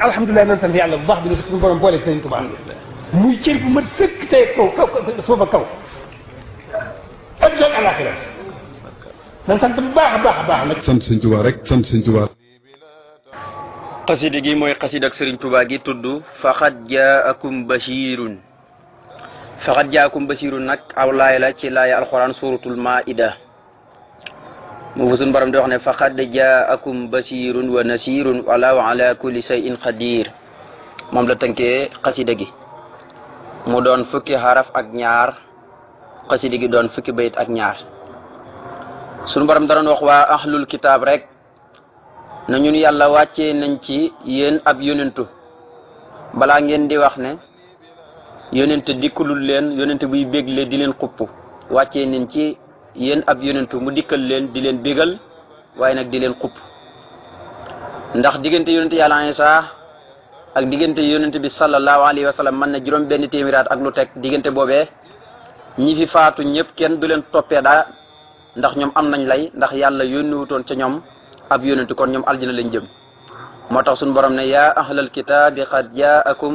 alhamdulilah nañ sant yàlla bu baax bi ñu suñu borom boole Sëriñ Tuubaa muy cër bu ma dëkk tey kaw kaw suufa kaw adduna alaxira nañ sant bu baax a baax a baax nag sant Sëriñ Tuubaa rek sant Sëriñ Tuubaa xasida gi mooy xasida ak Sëriñ Tuubaa gi tudd faqad jaakum bashirun faqad jaakum bashirun nag aw laay la ci laaya alxuraan suuratul maida mu suñu borom di wax ne faqad jaakum basirun wa nasirun ala wa ala kulli a qadir moom la tënkee xasida gi mu doon fukki xaraf ak ñaar xasida doon fukki bayit ak ñaar sunu borom da doon wax waa ahlul kitaab rek na ñun yàlla wàcce nañ ci yéen ab yonentu balaa ngeen di wax ne yonent dikkulul leen yonent buy bégle di leen xupp wàccee nañ ci yéen ab yonentu mu dikkal leen di leen bégal waaye nag di leen xupp ndax diggante yonent yàlla Isaa ak diggante yonent bi sallallahu alayhi wa sallam mën na juróom benn téeméeraat ak lu teg diggante boobee ñi fi faatu ñëpp kenn du leen toppee ndax ñoom am nañ lay ndax yàlla yónniwutoon ca ñoom ab yonentu kon ñoom aljana lañ jëm moo tax suñu borom ne yaa ahlal kitaabi qad jaakum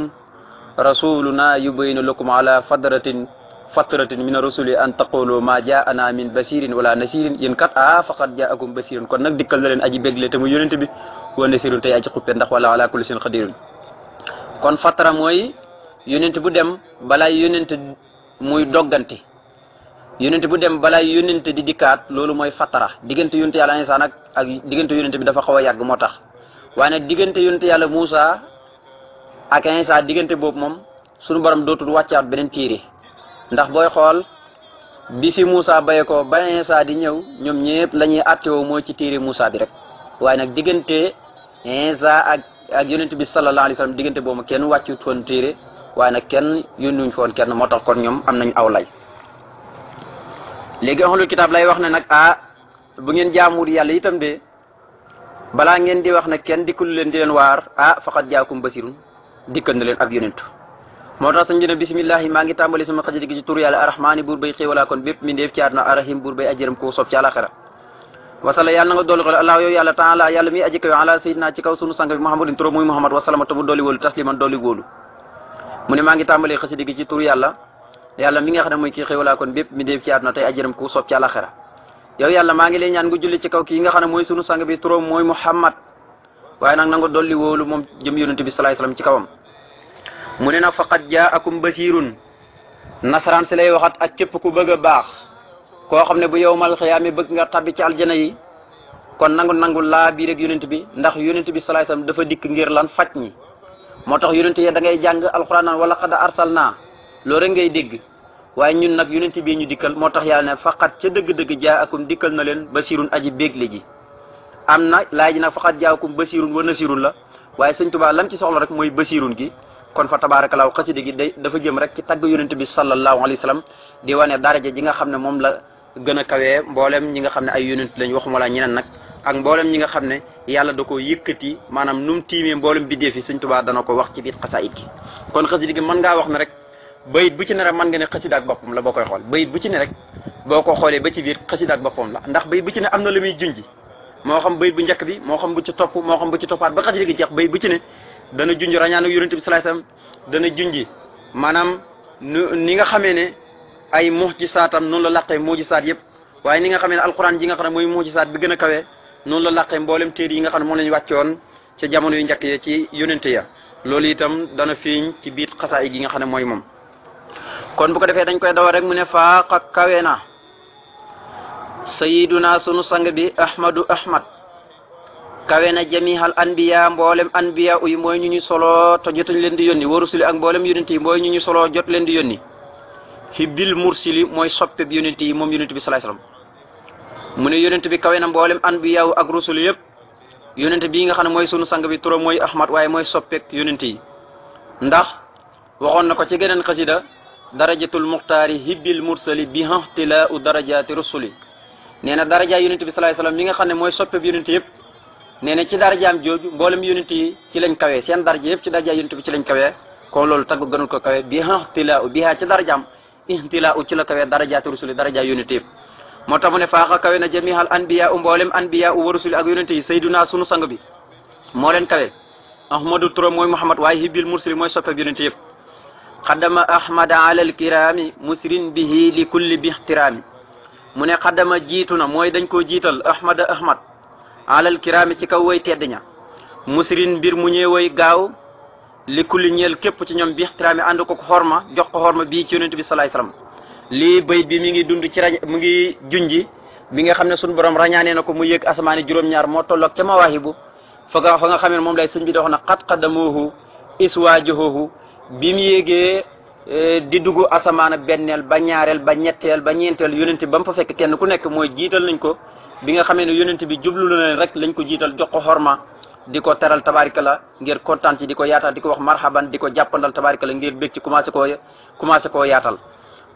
rasuluna yubayinu lakum ala fadratin fatratin mina rasuli an taqulu ma jaana min basirin wala nasirin yéen kat a ah, faqad jaakum basirun kon nag dikkal na leen aji bégle te mu yonente bi wa nasirun tey aji xuppe ndax wala ala kulli seen xadirun kon fatara mooy yonente bu dem bala yonente muy doggante yonente bu dem balaa yonente di dikkaat loolu mooy fatara diggante yonente yàlla Iisaa nag ak diggante yonente bi dafa xaw a yàgg moo tax waaye nag diggante yonente yàlla Muusa ak Iisaa boobu moom sunu borom dootul wàccaat beneen téere ndax booy xool bi fi Moussa baye ko ba Insa di ñëw ñoom ñëpp la ñuy attewoo mooy ci téere Moussa bi rek waaye nag diggante Insa ak ak yonent bi sallallahu alayhi diggante boobu kenn wàccut woon téere waaye nag kenn yónnuñ foon kenn moo tax kon ñoom am nañu aw lay léegi ahlul kitaab lay wax na nag ah bu ngeen jaamuwul yàlla itam de balaa ngeen di wax na kenn dikkul leen di leen waar ah faqat jaakum basirun dikkal na leen ab yonentu moo tax sëñ bi ne maa ngi tàmbali sama xasida gi ci tur yàlla arrahmaani buur bay xéewalaa bépp mindeef ci àdduna arrahim buur bay ajëram koo sob ci àlaxira wasala mi maa ngi tàmbalee xasida gi ci tur yàlla nga xam ne mooy kii xéewalaa kon bépp mindeef ci àdduna tey ajëram koo sob ci àlaxira yow yàlla maa ngi lay ñaan nga julli ci kaw kii nga xam ne mooy sunu sang bi turo mooy muhammad waaye nag na nga dolli wóolu moom jëm yonente bi salaay ci kawam mu ne nag jaa akum basirun nasaraan si lay waxat ak képp ku bëgg a baax koo xam ne bu yowmal xiyaami bëgg nga tabbi ci aljana yi kon nangu nangu laa bii rek bi ndax yonent bi salaay sam dafa dikk ngir lan faj ñi moo tax yonent yi da ngay jàng alxuraan wala xada arsal naa loo ngay dégg waaye ñun nag yonent bii ñu dikkal moo tax yàlla ne faqat ca dëgg-dëgg jaakum dikkal na leen basirun aji béegle ji am na laaj nag faqat jaakum basirun wa nasirun la waaye sëñ Tuubaa lam ci soxla rek mooy basirun gi kon fa tabaarakallaahu xasida gi day dafa jëm rek ci tagg yonent bi sallallahu alayhi wa sallam di wane ji nga xam ne moom la gën a kawee mboolem ñi nga xam ne ay yonent lañ waxuma la ñeneen nag ak mboolem ñi nga xam ne yàlla da ko yëkkati maanaam nu mu tiimee mboolem biddeef fi Sëñ Tuubaa dana ko wax ci biir xasaayit gi kon xasida gi mën wax ne rek bayit bu ci ne rek mën nga ne xasida ak boppam la boo koy xool bayit bu ci ne rek boo ko xoolee ba ci biir xasida ak boppam la ndax bayit bu ci ne am dana junj rañaan ak yonent bi salaay salaam dana junj maanaam ni nga xamee ne ay mucjisaatam noonu la laqee mucjisaat yëpp waaye ni nga xamee ne alquran ji nga xam ne mooy saat bi gën a kawe noonu la laqee mboolem téere yi nga xam ne moom la ñu wàccoon ca jamono yu njëkk ya ci yonent ya loolu itam dana fiiñ ci biir xasaay gi nga xam ne mooy moom. kon bu ko defee dañ koy dawa rek mu ne faaqa kawe na sayiduna sunu sang bi ahmadu ahmad kawe na jamihal anbiya mboolem anbiya uy mooy ñu ñu solo te leen di yónni wa rusuli ak mboolem yonent yi mooy ñu ñu solo jot leen di yónni hibbil mursili mooy soppeb yonent yi moom yonent bi salaay salaam mu ne yonent bi kawe na mboolem anbiya ak rusul yëpp yonent bi nga xam ne mooy sunu sang bi turam mooy ahmad waaye mooy soppeek yonent yi ndax waxoon na ko ci geneen xasida darajatul muxtaari hibbil mursali bi hantilaa u darajaati rusuli nee na daraja yonent bi salaay salaam mi nga xam ne mooy soppeb nee na ci darajaam jooju mboolem yonent yi ci lañ kawee seen daraja yëpp ci daraja yonent bi ci lañ kawee kon loolu tagg gënul ko kawee bi ihtilaa u bihaa ci darajaam ihtilaa u ci la kawee darajaati rusuli daraja yonent yëpp moo tax mu ne faaxa kawe na jamihal anbiya u mboolem anbiya u wa rusuli ak yonent yi sayduna sunu sang bi moo leen kawe ahmadu turam mooy muhammad waaye hibil mursali mooy soppeb yonent yëpp xaddama ahmada alal kiraami musrin bihi li kulli bi ixtiraami mu ne xaddama jiitu na mooy dañ koo jiital ahmada ahmad alal kiraami ci kaw way tedd ña musirin mbir mu ñëw woy gaaw li kulli ñeel képp ci ñoom bi ixtiraami ànd ko ma jox ko ma bii ci yonent bi salaay salaam lii bayit bi mi ngi dund ci rañ mu ngi junji bi nga xam ne suñu borom rañaanee na ko mu yeg asamaani juróom-ñaar moo tolloog ca mawaahibu fa nga fa nga xam ne moom lay sëñ bi dox na xat-xadamoohu iswaajohoohu bi mu yéegee e, di dugg asamaan benneel ba ñaareel ba ñetteel ba ñeenteel yonent ba mu fa fekk kenn ku nekk mooy jiital nañ ko bi nga xamee ne yonent bi jublu na leen rek lañ ko jiital jox ko ma di ko teral tabarika la ngir kontaan ci di ko yaatal di ko wax marhaban di ko jàppandal tabarika la ngir bég ci commencé koo commencé koo yaatal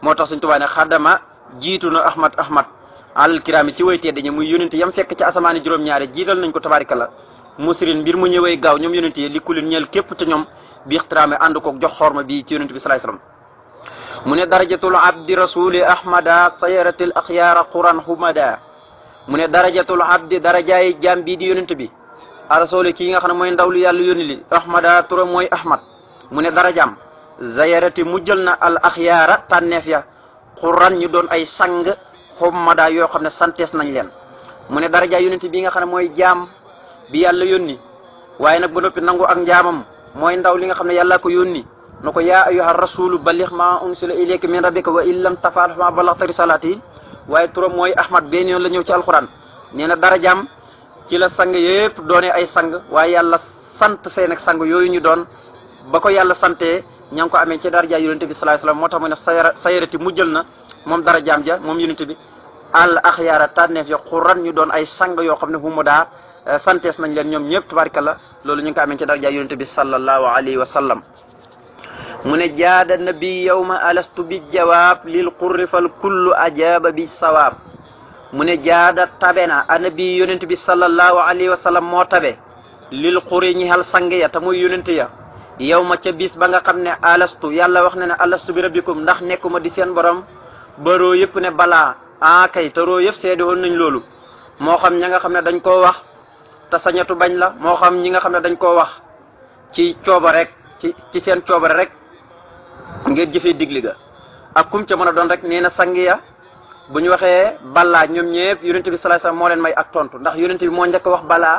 moo tax suñ tubaa ne xadama jiitu na ahmad ahmad alal kiraami ci way tedde ñi muy yonent yam fekk ci asamaani juróom-ñaari jiital nañ ko tabarika la musirin mbir mu ñëwee gaaw ñoom yonent yi li kulin ñeel képp te ñoom bi ixtiraame ànd ko jox xorma bi ci yonent bi salaay salaam mu ne darajatul abdi rasuli ahmada sayaratil axyaara quran humada mu ne darajatul abdi darajaay jaam bii di yonent bi arasolu kii nga xam ne mooy ndaw li yàlla yónni li ahmada tura mooy ahmad mu ne darajaam zayarati jël na al axyaara tànneef ya xuran ñu doon ay sang xommada yoo xam ne santees nañ leen mu ne darajaay yonent bi nga xam ne mooy jaam bi yàlla yónni waaye nag ba noppi nangu ak njaamam mooy ndaw li nga xam ne yàlla ko yónni na ko yaa ayyuha rasulu balix ma unsila ilayka min rabbika wa in lam tafal ma balaxta risalaati waaye turam mooy ahmad benn yoon la ñëw ci alxuraan nee na darajaam ci la sang yëpp doone ay sang waaye yàlla sant seen ak sang yooyu ñu doon ba ko yàlla santee ña ngi ko amee ci darajaay yonente bi sallallahu alayhi wasallam moo tax mu ne sayara sayarati mujjël na moom darajaam ja moom yonente bi al axyaara tànneef ya xuran ñu doon ay sang yoo xam ne fu mu daa eh, santees nañ leen ñoom ñëpp tabarkalla loolu ñu ngi ko amee ci darajaay yonente bi sallallahu alayhi wa sallam mu ne jaada nabi yawma alastu bi jawaab lil qurri fal kullu ajaaba bi sawaab mu ne jaada tabe na anabi yonent bi sallallahu alayhi wa sallam moo tabe lil qurri ñihal sang ya te muy ya yow ma ca bis ba nga xam ne alastu yàlla wax na ne alastu bi rabbikum ndax nekkuma di seen borom baroo yëpp ne balaa ah kay roo yëpp seede woon nañ loolu moo xam ña nga xam ne dañ koo wax te sañatu bañ la moo xam ñi nga xam ne dañ koo wax ci cooba rek ci ci seen cooba rek ngeen jëfee digli ga ak kum ca mën a doon rek nee na sang ya bu ñu waxee balaa ñoom ñëpp yonent bi sallallahu alayhi moo leen may ak tontu ndax yonent bi moo njëkk wax balaa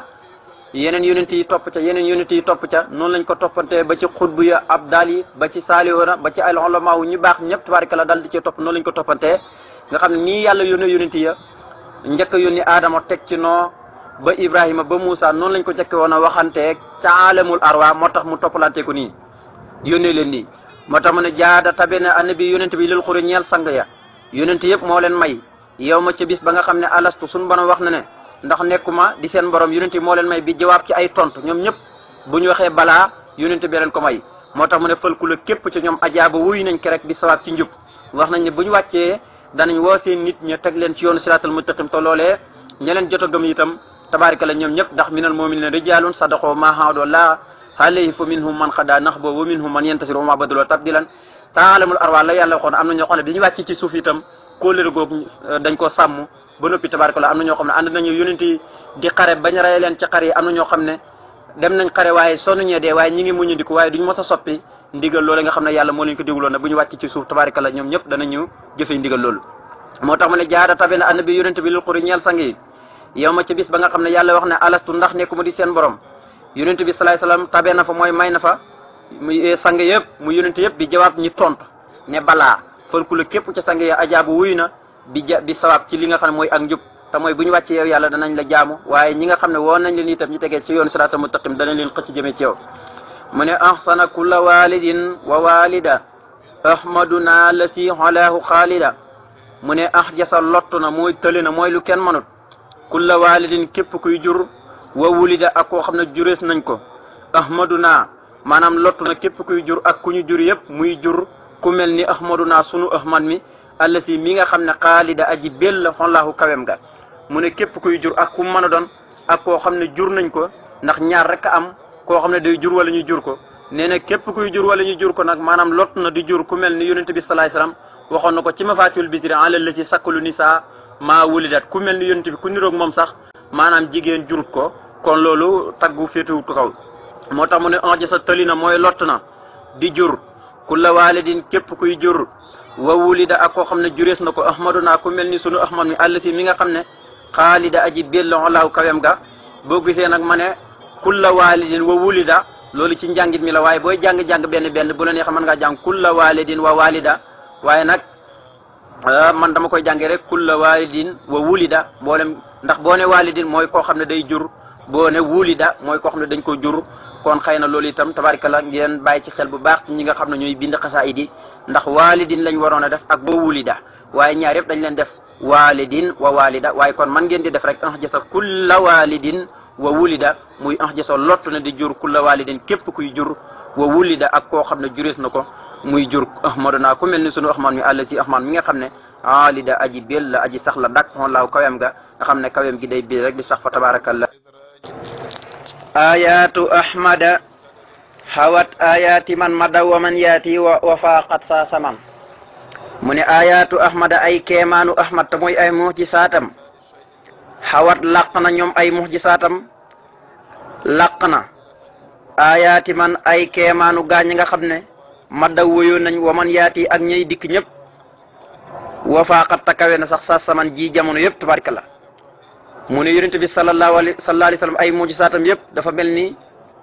yeneen yonent yi topp ca yeneen yi topp ca noonu lañ ko toppantee ba ci xutbu ya abdal yi ba ci saalihoona ba ci al ulama wu ñu baax ñëpp tabaraka la dal di cee topp noonu lañ ko toppantee nga xam ne nii yàlla yónnee yonent ya njëkk yónni aadama teg ci noo ba ibrahima ba moussa noonu lañ ko njëkk woon a waxanteeg ca alamul moo tax mu toppalantee ko nii yónnee leen nii moo tax mu ne jaada tabe na annabi yonent bi lil xuri ñeel sang ya yonent yëpp moo leen may yow ma ca bis ba nga xam ne alastu suñu borom wax na ne ndax nekkuma di seen borom yonent bi moo leen may bi jawaab ci ay tont ñoom ñëpp bu ñu waxee balaa yonent bi leen ko may moo tax mu ne fëlku la képp ci ñoom ajaaba wuyu nañ ko rek bi sawaab ci njub wax nañ ne bu ñu wàccee danañ woo seen nit ña teg leen ci yoonu siraatal mustaqim te loolee ña leen jot a gëm itam tabaarika la ñoom ñëpp ndax minal mu'miniina rijaalun sadaqoo maa ahadullaaha alayhi fa minhum man xadaa nax boobu wa minhum man yentasiru wa ma badaloo tabdilan taalamul arwaa la yàlla waxoon am na ñoo xam ne bi ñu wàcc ci suuf itam kóolër googu euh, dañ ko sàmm ba noppi tabaarkalla am na ñoo xam ne a rey leen ci na dem nañ xare waaye sonnuñee dee waaye ñi ngi muñu di ko waaye duñ mos a soppi ndigal loolu nga xam ne yàlla moo leen ko digaloon ñu wàcc ci suuf tabaarkalla ñoom ñëpp danañu jëfe ndigal loolu moo tax mu ne jaada tabe annabi yonent bi salaay salaam tabe na fa mooy may na fa muy eh, sang yëpp mu yonent yëpp bi jawaab ñi tontu ne balaa fëlku la képp ca sang ya ajaabu wuyu na bi ja bi sawaab ci li nga xam ne mooy ak njub te mooy bu ñu wàccee yow yàlla danañ la jaamu waaye ñi nga xam ne woon nañ leen itam ñu tegee ci yoon siraatal mustaqim danañ leen xëcc jëmee ci yow mu ne ahsana kulla walidin wa walida ahmaduna la si xolaahu xaalida mu ne ahjasa lott na mooy tëli na mooy lu kenn mënut kulla walidin képp wa wulida ak koo xam ne jur jurees nañ ko ahmaduna maanaam lottu na képp kuy jur ak ku ñu jur yëpp muy jur ku mel ni ahmaduna sunu ahmad mi allasi mi nga xam ne xaalida aji bel la xonlaahu kawem ga mu ne képp kuy jur ak ku mën a doon ak koo xam ne jur nañ ko ndax ñaar rek am koo xam ne day jur wala ñu jur ko nee na képp kuy jur wala ñu jur ko nag maanaam lott na di jur ku mel ni yonente bi salaay salaam waxoon na ko ci mafaatul bisri alal la ci sakkalu nisaa maa wulidat ku mel ni yonente bi ku niroog moom sax maanaam jigéen jurut ko kon loolu taggu féetuwut kaw moo tax mu ne onja sa tëli na mooy lott na di jur ku la waalidin képp kuy jur wa wulida ak koo xam ne jurees na ko ahmadu naa ku mel ni sunu ahmad mi àll si mi nga xam ne xaalida aji bellon laaw kawem ga boo gisee nag ma ne kulla waalidin wa wulida loolu ci njàngit mi la waaye booy jàng-jàng benn benn bu la neexee mën ngaa jàng kulla waalidin wa waalida waaye nag ah, man dama koy jàngee rek kulla waalidin wa wulida mboolem ndax boo ne waalidin mooy koo xam ne day jur boo ne wulida mooy koo xam ne dañ ko jur kon xëy na loolu itam tabarikala ngeen bàyyi ci xel bu baax ci ñi nga xam ne ñooy bind xasaayid yi ndax waalidin lañ waroon a def ak ba wulida waaye ñaar yëpp dañ leen def waalidin wa waalida waaye kon man ngeen di def rek anjasa kulla waalidin wa wulida muy anjasa lott na di jur kulla waalidin képp kuy jur wa wulida ak koo xam ne jurees na ko muy jur ahmaduna ku mel ni sunu ahmad mi àll ci ahmad mi nga xam ne alida aji bel la aji sax la dak xoon laaw ga xam ne kawem gi day bil rek di sax fa tabarakallah ayaatu ahmada hawat ayaati man mada wa man yaati wa faaqat saa saman mu ne ayaatu ahmada ay keemaanu ahmad te mooy ay muxjisaatam hawat laq na ñoom ay saatam laq na ayaati man ay keemaanu gaañ nga xam ne madda woyoon nañ wa man yaati ak ñay dikk ñëpp wa faaqat ta kawe na sax saa saman ji jamono yëpp tabarka la mu ne yonent bi sallallahu alayhi wa sallam ay mujisaatam yëpp dafa mel ni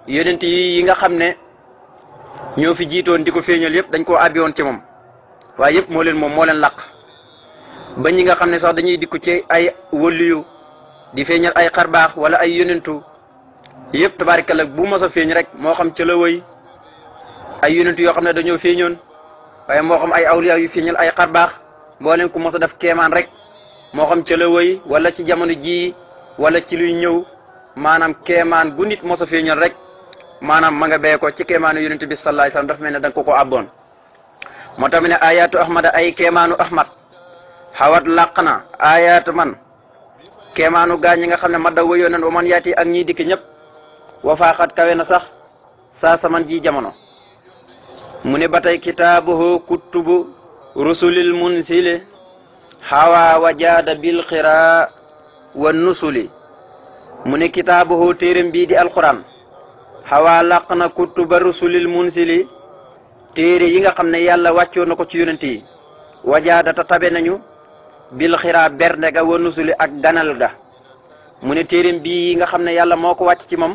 yonent yi yi nga xam ne ñoo fi jiitoon di ko feeñal yëpp dañ koo àbbiwoon ci moom waaye yëpp moo leen moom moo leen làq ba ñi nga xam ne sax dañuy dikku ci ay wëlliyu di feeñal ay xarbaax wala ay yonentu yëpp tabaarikalla bu mos a feeñ rek moo xam ci la woy ay yonentu yoo xam ne dañoo feeñoon waaye moo xam ay awliya yu feeñal ay xarbaax boo leen ku mos a def keemaan rek moo xam ca la wëy wala ci jamono jii wala ci luy ñëw maanaam kemaan gu nit moso fii ñon rek maanaam ma nga bee ko ci keemaanu yonente bi sallallahu alayhi wasallam dafa mel ne danga ko ko abboon moo tamit ne ayaatu ahmada ay keemaanu ahmad xawat làq na ayaatu man kemaanu gaa ñi nga xam ne ma daw wëyoo nan wa man yaati ak ñii dikk ñëpp wa faaxat kawe na sax saa saman ji jamono mu ne ba tey kitaabuhu kutubu rusulil munsile xawaa wajaada bil xiraa wa nusuli mu ne kitaabuhu téeram bii di alquran xawaa làq na kutuba rusulil munsili téere yi nga xam ne yàlla wàccoo na ko ci yonent yi wajaada ta tabe nañu bil xiraa bernde ga wa nusuli ak ganal ga mu ne téeram bii yi nga xam ne yàlla moo ko wàcc ci moom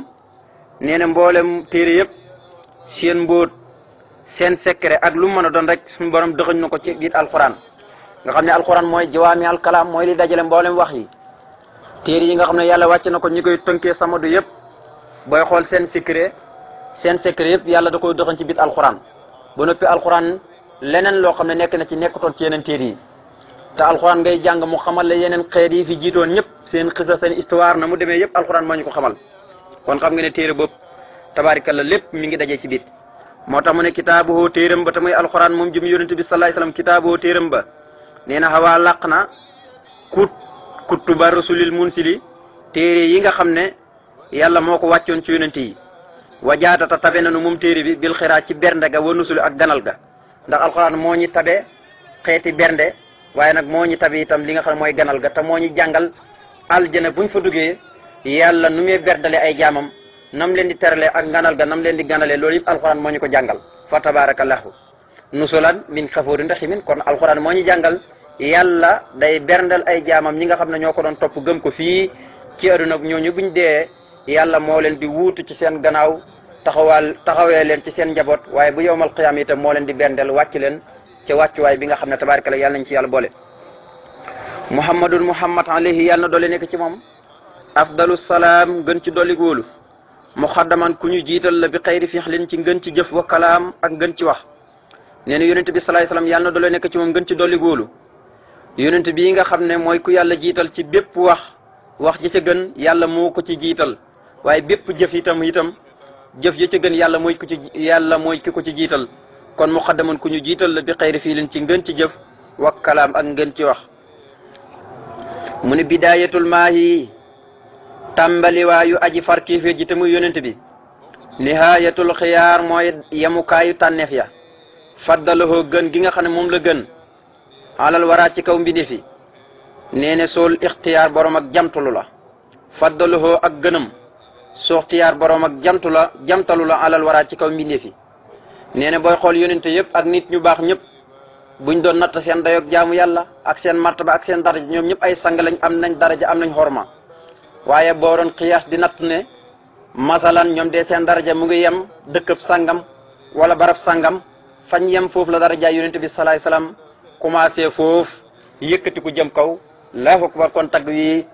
nee na mboolem téere yëpp seen mbóot seen secret ak lu mën a doon rek suñu borom dëxëñ na ko ci giir alquran nga xam ne alquran mooy jawaami alkalaam mooy li dajale mboolem wax yi téere yi nga xam ne yàlla wàcc na ko ñu koy tënkee sama du yëpp booy xool seen secret seen secret yëpp yàlla da koy doxan ci biir alquran ba noppi alquran leneen loo xam ne nekk na ci nekk nekkutoon ci yeneen téere yi te alquran ngay jàng mu xamal la yeneen xeet yi fi jiitoon ñëpp seen xisa seen histoire na mu demee yëpp alquran moo ñu ko xamal kon xam nga ne téere boobu tabaarikalla lépp mi ngi dajee ci biir moo tax mu ne kitaabuhu téeram ba te muy alquran moom jëm yonente ba nee na xawaa làq na kut kutuba rasulil sili téere yi nga xam ne yàlla moo ko wàccoon ci yonent yi wa jaatata tabe na nanu moom téere bi bil xiraa ci bernde ga wa nusuli ak ganal ga ndax alxuraan moo ñi tabe xeeti bernde waaye nag moo ñi tabe itam li nga xam mooy ganal ga te moo ñi jàngal aljana buñ fa duggee yàlla nu muy berdale ay jaamam nam leen di terale ak ganal ga nam leen di ganalee loolu yëpp alxuraan moo ñu ko jàngal fa tabaarakallahu nusulan min xafuurin raximin kon moo ñu jàngal yàlla day berndal ay jaamam ñi nga xam ne ñoo ko doon topp gëm ko fii ci àdduna ñooñu buñ dee yàlla moo leen di wuutu ci seen gannaaw taxawaal taxawee leen ci seen njaboot waaye bu yowmal qiyaam itam moo leen di berndeel wàcc leen ci wàccuwaay bi nga xam ne tabaarkalla yàlla nañ ci yàlla boole. muhammadun muhammad alayhi yàlla na dolli nekk ci moom. afdalu salaam gën ci dolli góolu muxaddaman ku ñu jiital la bi xayri fixlin ci ngën ci jëf wa kalaam ak ngën ci wax nee na yonente bi salaay salaam yàlla na dolli nekk ci moom gën ci dolli góolu yonent yi nga xam ne mooy ku yàlla jiital ci bépp wax wax ji ca gën yàlla moo ko ci jiital waaye bépp jëf itam itam jëf ja ca gën yàlla mooy ku ci yàlla mooy ki ko ci jiital kon muqaddaman ko ñu jiital la bi xayri fii leen ci ngën ci jëf wa kalaam ak ngën ci wax mu ne bidaayatul maahi tàmbaliwaayu aji farkiife ji te muy yonent bi nihaayatul xiyaar mooy yemukaayu tànneef ya faddalahoo gën gi nga xam ne moom la gën alal waraat ci kaw mbindéef yi nee ne sool ixtiyaar borom ak jamtalu la faddaluhoo ak gënam soo ixtiyaar borom ak jamtu la jamtalu la alal waraat ci kaw mbindéef yi nee ne booy xool yonente yëpp ak nit ñu baax ñëpp buñ doon natt seen dayoog jaamu yàlla ak seen martaba ak seen daraja ñoom ñëpp ay sang lañ am nañ daraja am nañ xorma waaye boo doon xiyaas di natt ne masalan ñoom de seen daraja mu ngi yem dëkkëb sangam wala barab sangam fañ yem foofu la daraja yonente bi salaay salaam commencé foofu yëkkati ku jëm kaw allahu akbar kon tag yi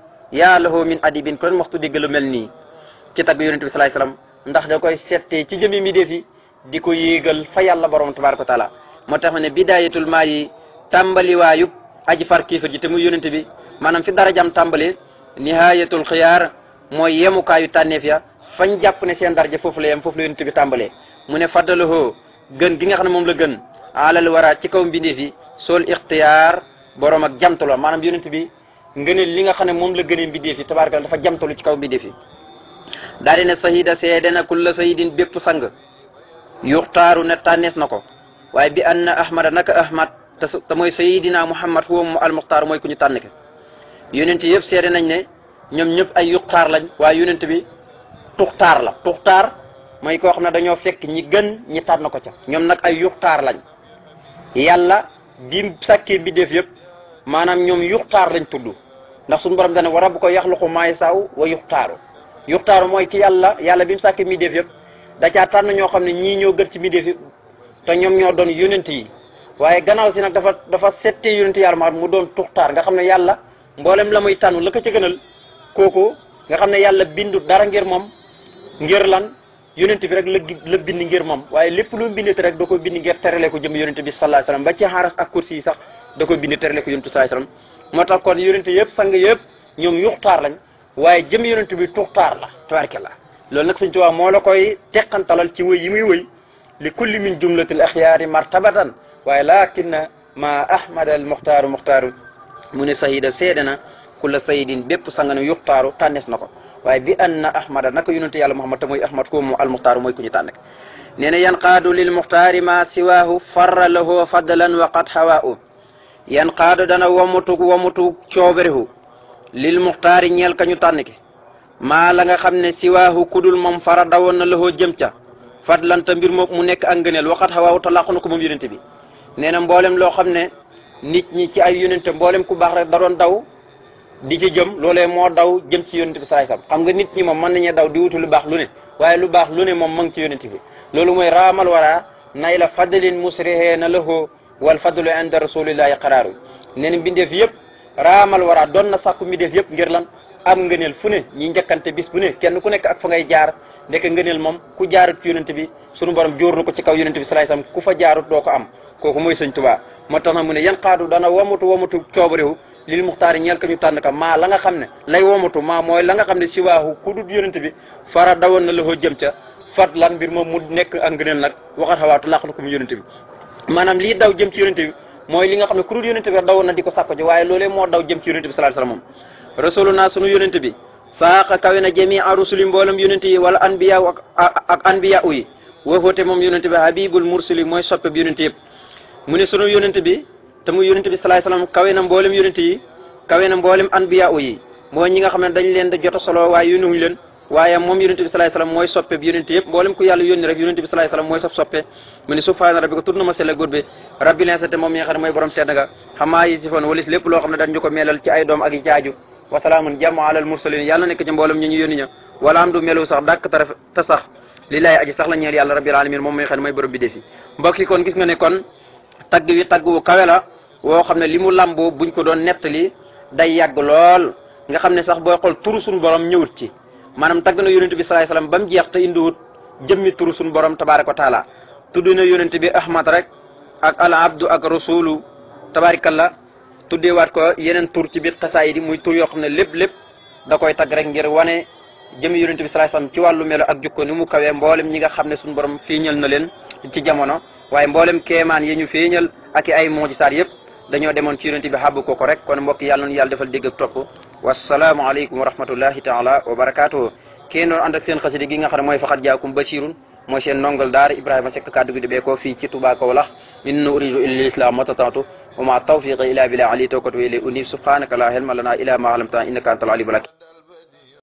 yaa lahu min adibin kon waxtu di lu mel nii ci tagg yonente bi salaay salaam ndax da koy settee ci jëmi mi defi di ko yéegal fa yàlla borom tabaraka taala moo tax ne bidayatul maa yi tàmbaliwaayub aji far kiifar ji te muy yonente bi maanaam fi darajam tàmbale nihayatul xiyaar mooy yemukaayu tànneef ya fañ jàpp ne seen daraja foofu la yem foofu la yonente bi tàmbalee mu ne faddalohoo gën gi nga xam ne moom la gën alal wara ci kaw mbindeef yi sool ixtiyaar borom ak jamtalo maanaam yonent bi ngëneel li nga xam ne moom la gënee mbindeef yi tabaaraka dafa jamtalu ci kaw mbindeef yi daa di ne sahida seede na kulla sahidin bépp sang yuxtaaru ne tànnees na ko waaye bi anna ahmada naka ahmad te mooy sayidina muhammad huwa mu almuxtaar mooy ku ñu tànn ke yonent yëpp seede nañ ne ñoom ñëpp ay yuxtaar lañ waaye yonent bi tuxtaar la tuxtaar mooy koo xam ne dañoo fekk ñi gën ñi tànn ko ca ñoom nag ay yuxtaar lañ yàlla bi mu sàkkee mbindeef yëpp maanaam ñoom yuxtaar lañ tudd ndax suñu borom dane wa rabbuka yaxluqu maa yashaa'u wa yuxtaaru yuxtaaru mooy ki yàlla yàlla bi mu sàkkee mbindeef yëpp da caa tànn ñoo xam ne ñii ñoo gën ci mbindeef yëpp te ñoom ñoo doon yonent yi waaye gannaaw si nag dafa dafa settee yonent yàlla ma mu doon tuxtaar nga xam ne yàlla mboolem la muy tànn la ko ci gënal nga xam ne yàlla bindu dara ngir moom ngir lan yonent bi rek la bind ngir moom waaye lépp lu mu bindati rek da ko bind ngir terale ko jëm yonent bi sallallahu alayhi wasallam ba ci xaaras ak kursi yi sax da ko bind terale ko yonent sallallahu alayhi wasallam moo tax kon yonent yëpp sang yëpp ñoom yuxtaar lañ waaye jëm yonent bi tuxtaar la tabarke la loolu nag Sëñ Tuubaa moo la koy teqantalal ci wëy yi muy wëy li kulli min jumlatil axyaari martabatan waaye laakinna ma ahmada al muxtaaru muxtaaru mu ne sahida seede na ku la sayidin bépp sanganu yuxtaaru tànnees na ko waaye bi anna ahmada naka yonente yàlla muhammad te mooy ahmad ko mu almuxtaaru mooy ku ñu tànn nee na yanqaadu lil muxtaari ma siwaahu farra lahu fadlan wa qad yan yanqaadu dana wamutug wamutug coobarehu lil muxtaari ñeel ka ñu tànn ki maa la nga xam ne siwaahu kudul moom fara dawoon na lahoo jëm ca fadlan te mbir moom mu nekk ak ngëneel waqat xawaawu te làqu na ko moom yonente bi nee mboolem loo xam ne nit ñi ci ay yonente mboolem ku baax rek da di ci jëm loolee moo daw jëm ci yonent bi salaay salaam xam nga nit ñi moom mën nañu daw di wuti lu baax lu ne waaye lu baax lu ne moom ma ngi ci yonent loolu mooy raamal wara nay la fadlin musrihee na lahoo wal fadlu inda rasulillahi qaraaru nee na mbindeef yëpp raamal wara doon na sàkku mbindeef yëpp ngir lan am ngëneel fu ne ñi njëkkante bis bu ne kenn ku nekk ak fa ngay jaar ndek ngëneel moom ku jaarut ci bi sunu borom jóor na ko ci kaw yonent bi salaay salaam ku fa jaarut doo ko am kooku mooy sëñ Tuubaa moo tax na mu ne yan xaadu dana wamatu wamatu coobarewu lil muxtaari ñeel ka ñu tànn ka maa la xam ne lay womatu maa mooy la xam ne si waaxu ku dut yonent bi fara dawoon na la ko jëm ca fat lan mbir moom mu nekk ak ngëneel nag waxat xawaatu laqatu ko mu yonent bi maanaam lii daw jëm ci yonent bi mooy li nga xam ne ku dut yonent bi dawoon na di ko sàkko ji waaye loolee moo daw jëm ci yonent bi sallallahu alayhi moom rasuluna sunu yonent bi faaqa kawe na jami a rusuli mboolem yonent yi wala anbiya bi habibul mooy soppe bi yonent bi te muy yonent bi salaay salaam kawe na mboolem yonent yi kawe na mboolem anbiya yi mooy ñi nga xam ne dañ leen da jot a solo waaye yónni wuñu bi salaay salaam mooy soppe bi yonent yëpp mboolem ku yàlla yónni rek bi salaam mooy sopp soppe mu ni subhaana rabbika tur na ma sella góor bi rabbi moom mi xam ne mooy borom sedd nga xamaa yi si foon walis lépp loo xam ne dañ ñu ko ci ay doom ak caaju wasalaamun jàmm alal mursalin yàlla nekk ci mboolem ñu ñu yónni ña tagg wi tagg wu kawe la woo xam ne li mu làmboo buñ ko doon nettali day yàgg lool nga xam ne sax booy xool turu suñu borom ñëwut ci maanaam tagg na yonent bi salaay salaam ba mu jeex te indiwut jëmmi turu suñu borom tabaaraka taala tudd na yonent bi ahmad rek ak al abdu ak rasulu tabaarikalla tuddeewaat ko yeneen tur ci biir xasaay di muy tur yoo xam ne lépp lépp da koy tagg rek ngir wane jëmmi yonent bi salaay salaam ci wàllu melo ak jukko ni mu kawee mboolem ñi nga xam ne suñu borom fii ñël na leen ci jamono waaye mboolem keemaan yi ñu feeñal ak i ay mujisaat yëpp dañoo demoon ci yonente bi xàbb ko ko rek kon mbokk yàlla noonu yàlla defal dégg ak topp wasalaamualeykum wa rahmatullahi ta wa barakaatuhu kenn doon ànd ak seen xasidi nga xam ne mooy faxat jaakum basirun mooy seen ndongal daara ibrahima sekk kàddu gi bee ko fii ci Tuubaa Kawlax in uridu illa islam matatatu wa ma tawfiqi illa billah ali tawkatu ilay unib subhanaka la ilma lana illa